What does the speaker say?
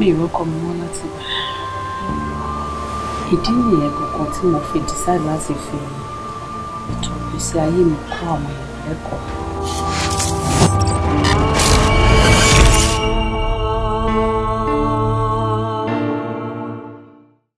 mi ìrókọ mi mọ́ láti gbà ìdí nìyẹn kankan tí mo fi decide láti fi ètò ìgbésí ayé mi kọ́ àwọn èèyàn